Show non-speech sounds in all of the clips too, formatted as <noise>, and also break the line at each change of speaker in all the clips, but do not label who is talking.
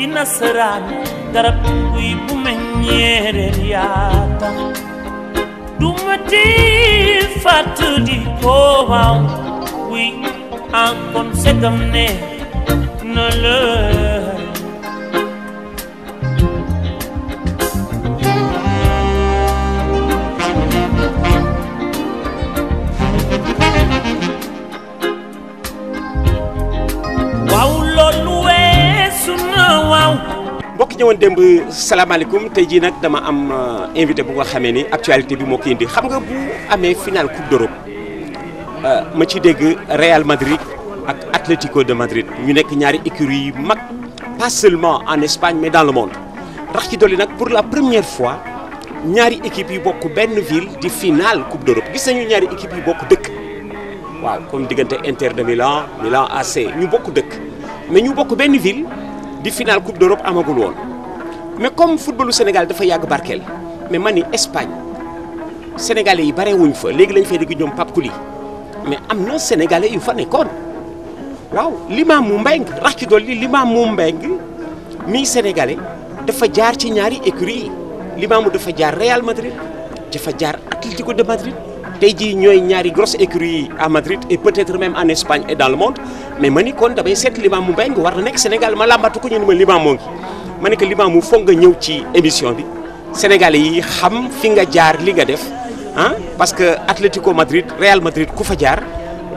ci nasaraan garab guy bu meññeereen yaa tax duma di fàtt di ko
waaw oui en segam ne na la
mbokk ñëwoon démb salaamaaleykum tey jii nag dama am euh, invité bu nga xamee ni actualité bi moo ko indi xam nga bu amee finale coupe d'Europe euh, ma ci dégg Real Madrid ak Atlético de Madrid ñu nekk ñaari écuries yi mag pas seulement en Espagne mais dans le monde rax ci dolli nag pour la première fois ñaari équipes yi bokk benn ville di finale coupe d'Europe gis nañu ñaari équipes yi bokk dëkk waaw comme diggante Inter de Milan Milan AC ñu bokk dëkk mais ñu bokk benn ville di final coupe d'Europe amagul woon mais comme footballu Sénégal dafa yàgg barkeel mais man ni Espagne sénégalais yi barewuñ fa léegi lañ fay dégg ñoom Pape Kouli mais am na sénégalais yu fa nekkoon waaw Limamou Mbengue rax ci dolli Limamou Mbengue mii sénégalais dafa jaar ci ñaari écurie yi dafa jaar Real Madrid dafa jaar Atlético de Madrid. tey jii ñooy ñaari grosses écuries yi à Madrid et peut-être même en Espagne et dans le monde mais ma ni kon damay seet Limamou Mbaye nga war na nekk Sénégal ma làmbatu ko ñu ne ma Limamou ngi ma ne que Limamou foog nga ñëw ci émission bi Sénégalais yi xam fi nga jaar li nga def ah parce que Atlético Madrid Real Madrid ku fa jaar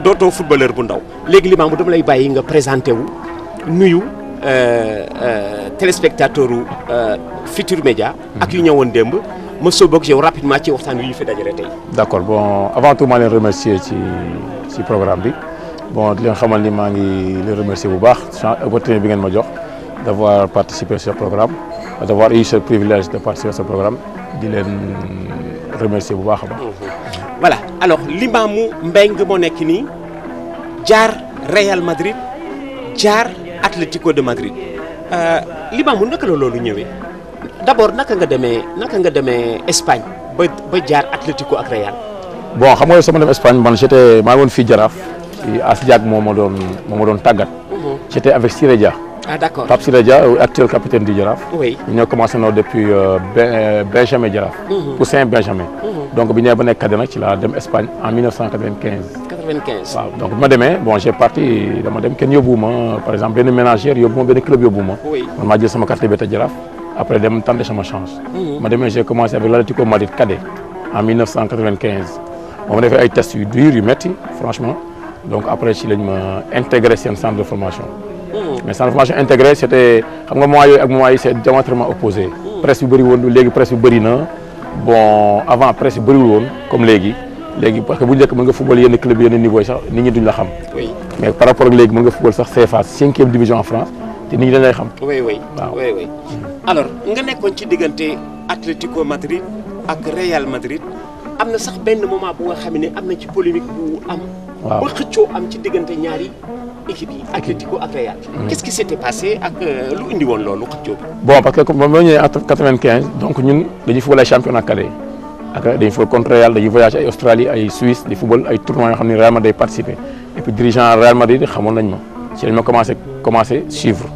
dootoo footballeur bu ndaw léegi Limamou dama lay bay nga présenté wu nuyu euh, euh, téléspectateur u euh, Futurs Médias ak yu ñëwoon demb ma soog ak yow rapidement ci waxtaan wi ñu fi dajale tey.
d' bon avant tout maa leen remercier ci ci programme bi bon di leen xamal ni maa ngi leen remercier bu baax chance opportunité bi ngeen ma jox d' avoir participé programme d' avoir eu ce privilège de participer à ce programme di leen remercier bu baax a baax.
Mhm. voilà alors Limamou Mbengue moo nekk nii jaar Real Madrid jaar Atlético de Madrid euh, Limamou naka la loolu ñëwee. d'abord naka nga demee naka nga demee Espagne ba ba jaar Atlético ak Real.
bon xam nga sama dem Espagne man j'étais maa ngi woon fii a ci Asdiag moo ma doon moo ma doon tàggat. Mhm. j'étais avec Siré Dia. ah d'accord Pape Siré Dia euh, actuel capitaine du Jaraaf. oui ñoo commencé noonu depuis euh, euh, Benjamin Jaraaf. Mhm. Poussin Benjamin. Mhm. donc bi ñu nee ba nekk cadet nag ci la dem Espagne en 1995.
95 waaw donc ma
demee bon j'ai parti dama dem kenn yóbbuwuma par exemple benn ménagère yóbbuwuma benn club yóbbuwuma. oui man maa jël sama carte de Jaraaf. après dem tenter sama chance. Mm-hmm. ma demee j'ai commencé avec l'Atlético Madrid cadet en 1995. moom defee ay tests yu durs yu métti franchement donc après ci lañ ma intégré seen centre de formation. Mm-hmm. mais centre de formation intégré c' était xam nga moment yooyu ak moment yi c' est diamétralement opposé. Mm-hmm. presse yu woon léegi presse yu na bon avant presse yu bëriwul woon comme léegi. léegi parce que bu njëkk mën nga football yenn club yenn niveau yi sax nit ñi te nit ñi dañ lay xam.
oui oui waaw oui oui. alors nga nekkoon ci diggante Atlético Madrid ak Real Madrid am na sax benn moment bu nga xam ne am na ci polémique bu am. waaw ba xëccoo am ci diggante ñaari équipe yi Atlético ak Real. Mm. qu'est-ce qui s'était passé ak euh, lu indi woon loolu xëccoo bi.
bon parce que comme ba ma ñëwee en quatre-vingt-quinze donc ñun dañuy football ay championnat cadets dañuy football ay tournois xam ne Real Madrid day participer et puis dirigeant Real xamoon nañ ma. ci lañ ma commencé commencé suivre.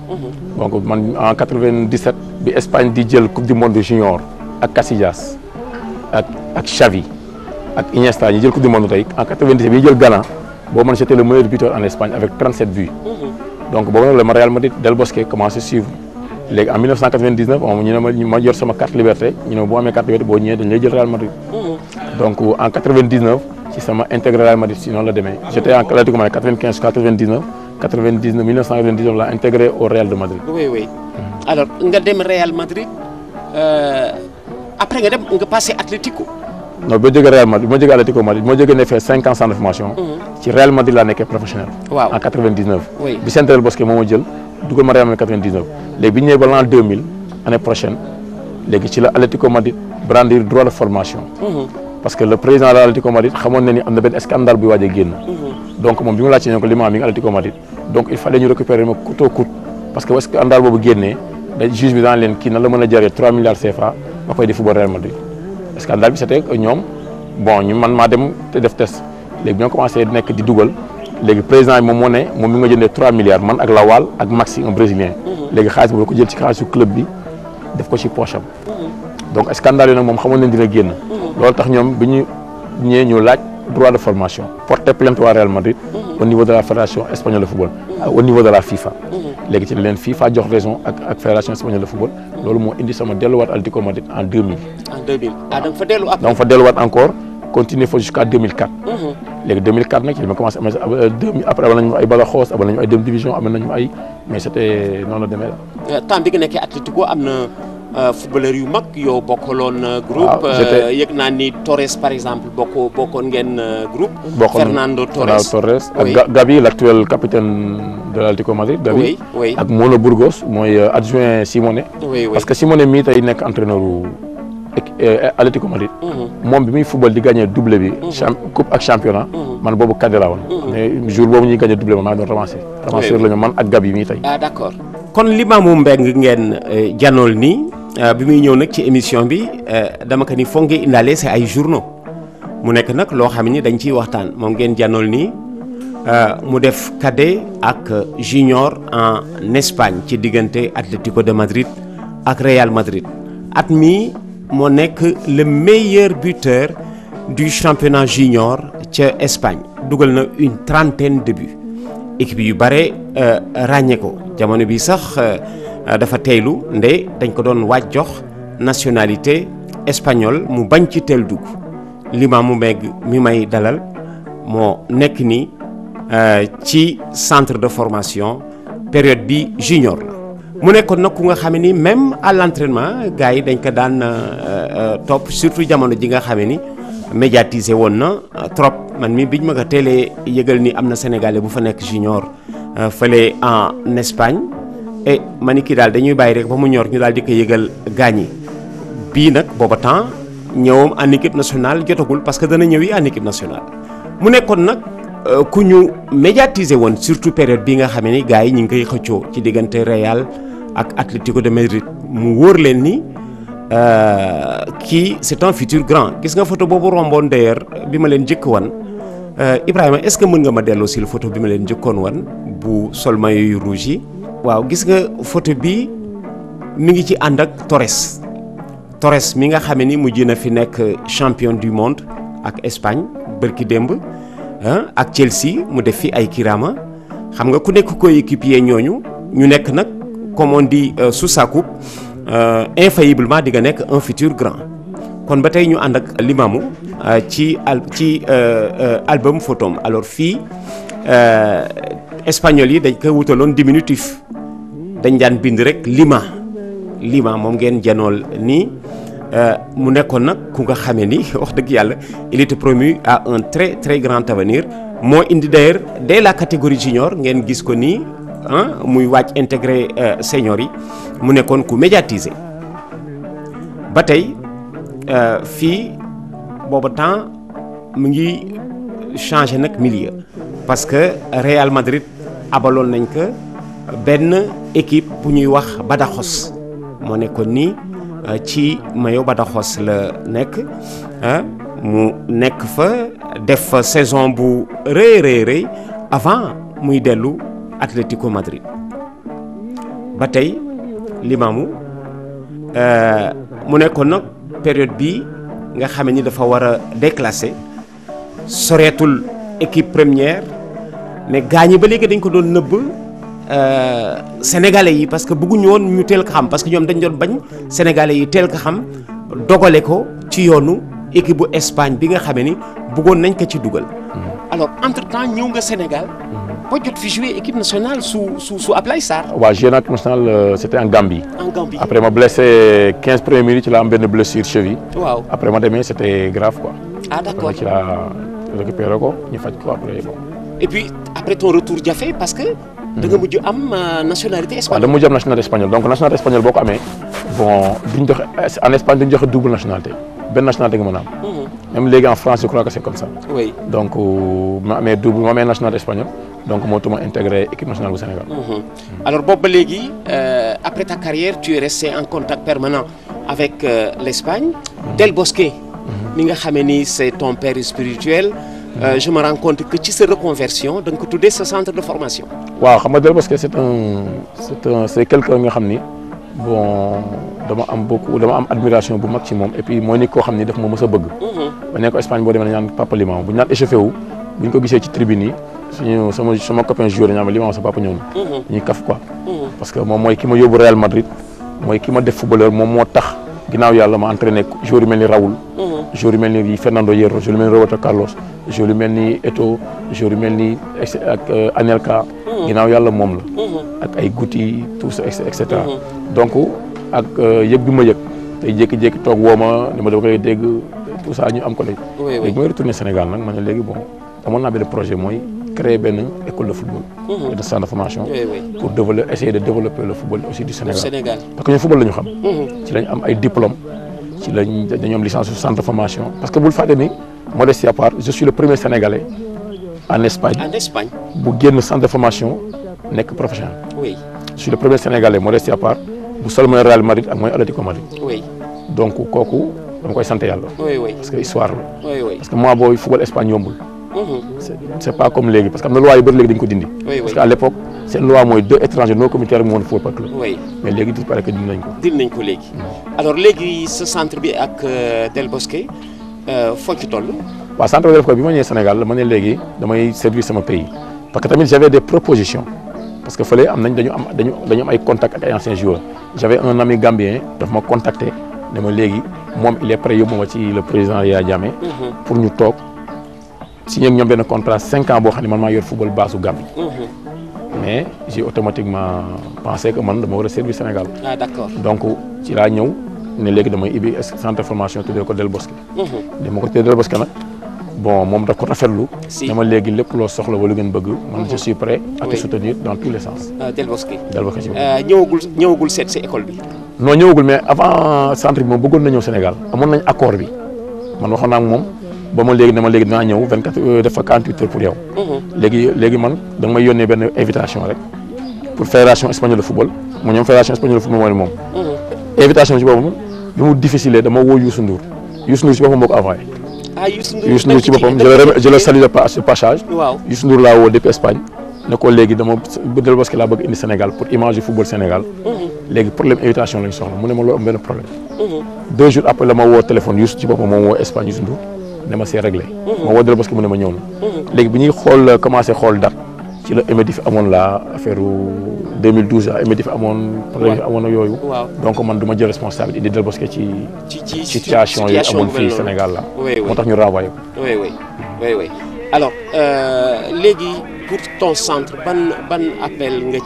donc man en 97. bi Espagne di jël coupe du monde junior ak Casillas ak ak Xavi ak Iniesta ñi jël coupe du monde tey en 97 bi jël Ghana boo man j'étais le meilleur buteur en Espagne avec 37 buts. donc boobu nag la ma Real Madrid Del Bosque commencé suivre. léegi en ñu ne ma ma yor sama carte liberté ñu ne ma boo amee carte liberté boo ñëwee dañ lay jël Real Madrid. donc en 99 99 1999 laa intégré au Real de Madrid.
oui oui alors nga dem Real Madrid euh, après nga dem nga passé Atlético.
non ba jógee Real Madrid ma jógee Atlético Madrid ma jógee ne fait 5 ans sans formation. Mhm. ci Real Madrid laa nekkee professionnel. waaw en 99. oui bi Central jël dugal Real Madrid léegi bi ñëwee ba année prochaine léegi ci la Atlético Madrid brandir droit de formation. Mhm. parce que le président de Madrid xamoon na ni am na benn scandale bu donc moom bi mu laajte ne ko Limaam mi ngi Atlético Madrid donc il fallait ñu récupérer ma coûte à coûte parce que est boobu génnee da juge bi daan leen kii nan la mën a jaree 3 milliards CFA ba koy di football Real Madrid parce que àndaal bi ñoom bon ñu man maa dem te def test léegi ñoo commencé nekk di dugal léegi président bi moom moo ne moom mi nga jëndee 3 milliards man ak Lawal ak Maxi un brésilien mhm. léegi xaalis boobu ko def ko ci poche am mhm. donc scandale yooyu nag moom xamoon nañ dina génn mhm. loolu tax ñoom bi ñu ñëwee ñu laaj droit de formation porter plainte waa Real Madrid au niveau de la fédération espagnole de football euh, au niveau de la FIFA léegi ci leen FIFA jox raison ak fédération espagnole de football loolu moo indi sama delluwaat Atlético Madrid en 2000
en 2000 ah da fa
delluwaat encore continuer fa jusqu'à 2004 mhm. léegi 2004 nag ci dama commencé am euh, après amoon nañu ay Badajoz amoon nañu ay deuxième division amoon nañu ay mais c'était noonu la demee
euh, temps Euh, footballeur yu mag yow bokkaloon euh, groupe. waaw euh, yëg naa ni Torres par exemple bokk bokkoon ngeen groupe. bokkoon Fernando Torres Torres ak
Gabi l' actuel capitaine de l' Atlético Madrid. Gabi ak Molo Burgos mooy adjoint Simone. parce que Simone mii tey nekk entraîneur wu Atlético Madrid. Mhm. moom bi muy football di gagné doublé bi. Mhm. coupe ak championnat. Mhm. man boobu cadre laa
jour boobu ñuy gagné doublé man maa doon ramassé. ramasseur la ñu man ak Gabi mii tey. ah d' accord kon Limamou Euh, bi muy ñëw nag ci émission bi euh, dama ko ni foog nga indaale sa ay journaux mu nekk nag loo xam ni dañ ciy waxtaan moom ngeen jànnool nii euh, mu def cadet ak junior en Espagne ci diggante Atlético de Madrid ak Real Madrid at mi moo nekk le meilleur buteur du championnat junior ca Espagne dugal na une trentaine de buts équipe yu bare ràññee ko jamono bi sax. dafa teeylu nde dañ ko doon waaj jox nationalité espagnole mu bañ ci teel dugg limaam mu meeg mi may dalal moo nekk ni euh, ci centre de formation période bi junior la mu nekkoon nag ku nga xam ni même à l'entraînement gars yi dañ ko daan euh, euh, topp surtout jamono ji nga xam ni médiatisé woon na trop man mi biñ ma ko teelee yëgal ni am na sénégalais bu fa nekk junior fële en Espagne e ma ni kii daal dañuy bàyyi rek ba mu ñor ñu daal di ko yëgal gaañ yi bii nag booba temps ñëwam en équipe nationale jotagul parce que dana ñëw yi en équipe nationale. mu nekkoon nag euh, ku ñu médiatiser woon surtout période bi nga xam ni gars yi ñu ngi koy xëccoo ci diggante Real ak Atlético de Madrid mu wóor leen ni. Euh, kii euh, c'est un futur grand gis nga photo boobu romboon d'ailleurs bi ma leen jëkk wan euh, Ibrahima est-ce que mën nga ma delloo si photo bi ma leen jëkkoon wan bu sol maillot yi waaw gis nga photo bi mi ngi ci ànd ak Torres Torres mi nga xame ni mujj na fi nekk champion du monde ak Espagne bërki démb ak Chelsea mu def fi ay kirama xam nga ku nekk coéquipier ñooñu ñu nekk nag comme on dit euh, sous sa euh, di nga nekk un futur grand kon ba tey ñu ànd ak limamu euh, ci al ci album photom alors fii espagnol yi dañ ko wutaloon diminutif dañ daan bind rek lima lima moom ngeen janool nii euh, mu nekkoon nag ku nga xamee ni <laughs> wax dëgg yàlla il était promu à un très très grand avenir moo indi d'ailleurs dès la catégorie junior ngeen gis ko nii ah muy wàcc intégré euh, senior yi mu nekkoon ku médiatisé ba tey euh, fii booba temps mu ngi changé nag milieu parce que Real Madrid abaloon nañ ko benn équipe bu ñuy wax Badajoz moo nekkoon nii euh, ci mayo Badajoz la nekk mu nekk fa def fa saison bu rëy rëy avant muy dellu Atlético Madrid ba tey Limaamu euh, mu nekkoon nag période bi nga xamee ni dafa war a déclassé soreetul équipe première mais gaañi ba léegi dañ ko doon nëbb Euh, sénégalais yi parce que bëgguñu woon ñu teel ko xam parce que ñoom dañ doon bañ sénégalais yi teel ko xam dogale ko ci yoonu équipe bu Espagne bi nga xamee ni bëggoon nañ ko ci dugal. Mhm. alors entre temps ñëw nga Sénégal. Mhm. ba jot fi jouer équipe nationale sous sous sous Ablaye Sarr. waaw joué naa équipe nationale
euh, c' était en Gambie.
en Gambie après ma
blessé 15 premières ci la am benn blessure cheville. waaw après ma demee c' était grave quoi. ah d' ci la récupéré ko ñu faj ko après
da nga mujj am euh, nationalité espagnole. am
nationalité espagnole donc nationalité espagnole boo ko amee bon duñ joxe euh, en Espagne duñ joxe double nationalité benn nationalité nga mën a am. Mhm. même léegi en France je crois que donc euh, ma amee double ma nationalité espagnole donc moo tax intégré équipe nationale bu Sénégal.
Mhm. Mm. alors boobu ba léegi après ta carrière tu es resté en contact permanent avec l'Espagne. Mm. Del Bosque. mi mm-hmm. nga xame ni c'est ton père spirituel. Euh, je me rends compte que ci sa reconversion da nga ko sa centre de formation.
waaw xam nga dal parce que c'est un c'est un c'est quelqu'un nga xam ni bon dama am beaucoup dama am admiration bu mag ci moom et puis mooy nit koo xam ni daf ma mës a bëgg. ba mhm. nekk Espagne boo demee dañu naan papa Liman bu ñu naan bu ñu ko gisee ci tribune yi suñu sama sama copain joueur dañu am Liman sa papa ñëw na. Mhm. ñuy kaf quoi. Mhm. parce que moom mooy ki ma yóbbu Real Madrid mooy ki moo tax. ginnaaw yàlla ma entraîné joueurs yu mel ni rawul mhm. joueurs mel ni Fernando Hierro joueurs yu mel ni Roberto Carlos joueurs yu mel ni Eto'o joueurs mel ni ak euh, Anelka. Mhm. ginnaaw yàlla moom la. Mhm. ak ay Guti tout ça et cetera. donc ak euh, yëg bi ma yëg tey jékki-jékki toog woo ma ni ma dama koy dégg tout ça ñu am ko léegi. léegi mooy retourné Sénégal nag ma ne léegi bon amoon naa benn projet mooy. créé benn école de football. Mhm. et de essayer de développer le football du Sénégal. parce que ñun football la xam. Mhm. ci lañ am ay diplômes. ci lañ dañoo am licence de formation parce que bul fàtte ni modestie à part je suis le premier sénégalais en Espagne. en Espagne bu génn centre de formation nekk professionnel. oui je suis le premier sénégalais modestie à part bu sol mooy Madrid ak mooy Atlético Madrid. donc kooku dama koy sant yàlla. parce que histoire la. oui c'est pas comme léegi parce que am na loi yu bëri léegi dañ ko dindi parce que à l'époque seen loi mooy deux étrangers non communautaires mu woon fóot
bi ak euh, Del Bosque euh, foo ci toll
waaw centre Del Bosque bi ma ñëwee Sénégal ma ne léegi damay servir sama pays parce que tamit j'avais des propositions parce que fële am am dañu dañu am ay contacts ak ay anciens joueurs j'avais un ami ma contacté ne ma léegi moom il est ci le président Yaya Jammeh mm-hmm. pour ñu toog si ak ñoom benn contrat cinq ans boo xam ne man maa yor mhm. que man dama war a servir Sénégal. ah d'accord donc ci laa ñëw ne léegi damay ibbi centre de formation tuddee ko Del Bosque. Mhm. ko tuddee Del bon moom da ko rafetlu. si dama léegi lépp loo soxla wala ngeen bëgg. man je mhm. suis prêt à te soutenir dans tous les sens. Euh, Del Bosque. Del Bosque si boppam.
Euh, ñëwagul ñëwagul seet sa école bi.
non ñëwagul mais avant centre bi moom bëggoon na ñëw Sénégal amoon nañ accord bi man waxoon naa ak moom. ba ma léegi ne ma léegi dinaa ñëw 24 heures def fa 48 heures pour yow. Mhm. léegi léegi man da may yónnee benn invitation rek pour fédération espagnole de football moo ñoom fédération espagnole de football moom. Mhm. invitation ci boobu bi mu difficile dama woo Youssou Ndour Youssou Ndour moo ko envoyé. ah Youssou Ndour ci boppam je le salue de passage. waaw Youssou Ndour laa woo Espagne. ne ko léegi dama del basket laa bëgg indi Sénégal pour image du football Sénégal. Mhm. léegi problème invitation lañ soxla mu ne ma loo am benn problème. deux jours après la ma woo téléphone Youssou ci boppam moom woo Espagne Youssou Ndour. ne ma c'est réglé. Mm-hmm. ma woo parce que mu ne ma ñëw na. Mm-hmm. léegi bi ñuy xool euh, commencé xool date ci la émétif amoon la affaire 2012 ah émétif amoon. problème amoon na yooyu. donc man duma ma jël responsabilité di Del Bosque ci. ci ci situation yi amoon fii Sénégal la. moo tax ñu renvoyé ko.
oui oui oui oui alors euh, léegi pour ton centre ban appel nga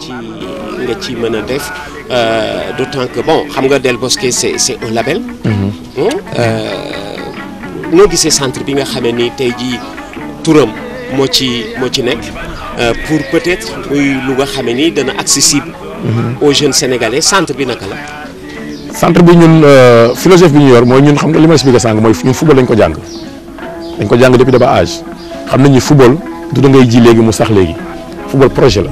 ci nga mën a def euh, d'autant que bon xam nga Del Bosque c'est c'est un label. Mm-hmm. noo gisee centre bi nga xamee ni tey jii turam moo ci moo ci nekk euh, pour peut-être muy lu nga xamee ni dana accessible. Mhm. aux jeunes sénégalais centre bi naka la.
centre bi ñun euh, philosophe bi ñu yor mooy ñun xam nga li ma expliqué sànq mooy ñun football dañ ko jàng dañ ko jàng depuis d'abord âge xam nañ ni football du da ji léegi mu sax léegi football projet la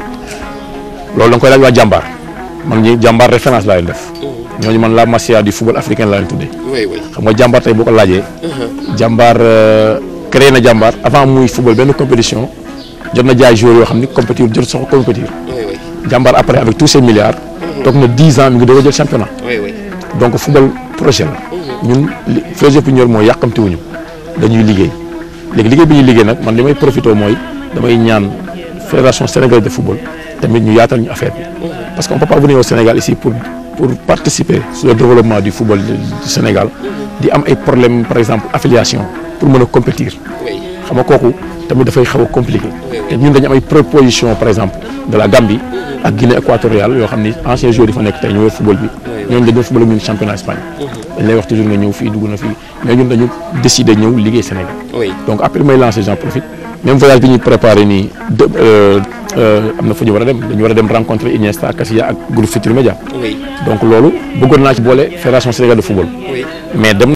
loolu da nga koy laaj waa jàmbaar. man ñi jàmbaar référence laa leen def. Mhm. ñooñu man la Masia du football africain laa leen tuddee. xam nga jàmbaar tey boo ko laajee. Mhm. jàmbaar euh, créé na jàmbaar avant muy football benn compétition jot na jaay joueurs yoo xam ni compétir jot soxla compétir. jàmbaar après avec tous ces milliards. Mhm. toog na dix ans mi ngi doog a jël championnat. donc football projet la. ñun li projet bu ñor mooy yàqamtiwuñu dañuy liggéey léegi liggéey bi ñuy liggéey nag man li may profité mooy damay ñaan fédération sénégalaise de football tamit ñu yaatal ñu affaire Parce qu'on ne peut pas venir au Sénégal ici pour, pour participer sur le développement du football du, du Sénégal. Il y a des par exemple, affiliation, pour me compétir. Oui. C'est compliqué. Et nous avons des propositions, par exemple, de la Gambie, à Guinée équatoriale, où les anciens joueurs qui ont football. ñooñu dañoo football ñun championnat Espagne. Mhm. dañ lay wax toujours nga ñëw fii dugg na fii may lancer j'en profite Euh, am na fu ñu war a dem dañu war a dem rencontrer Iniesta Casilla ak groupe Futurs Médias. donc loolu bëggoon naa ci boole fédération Sénégal de football. mais dem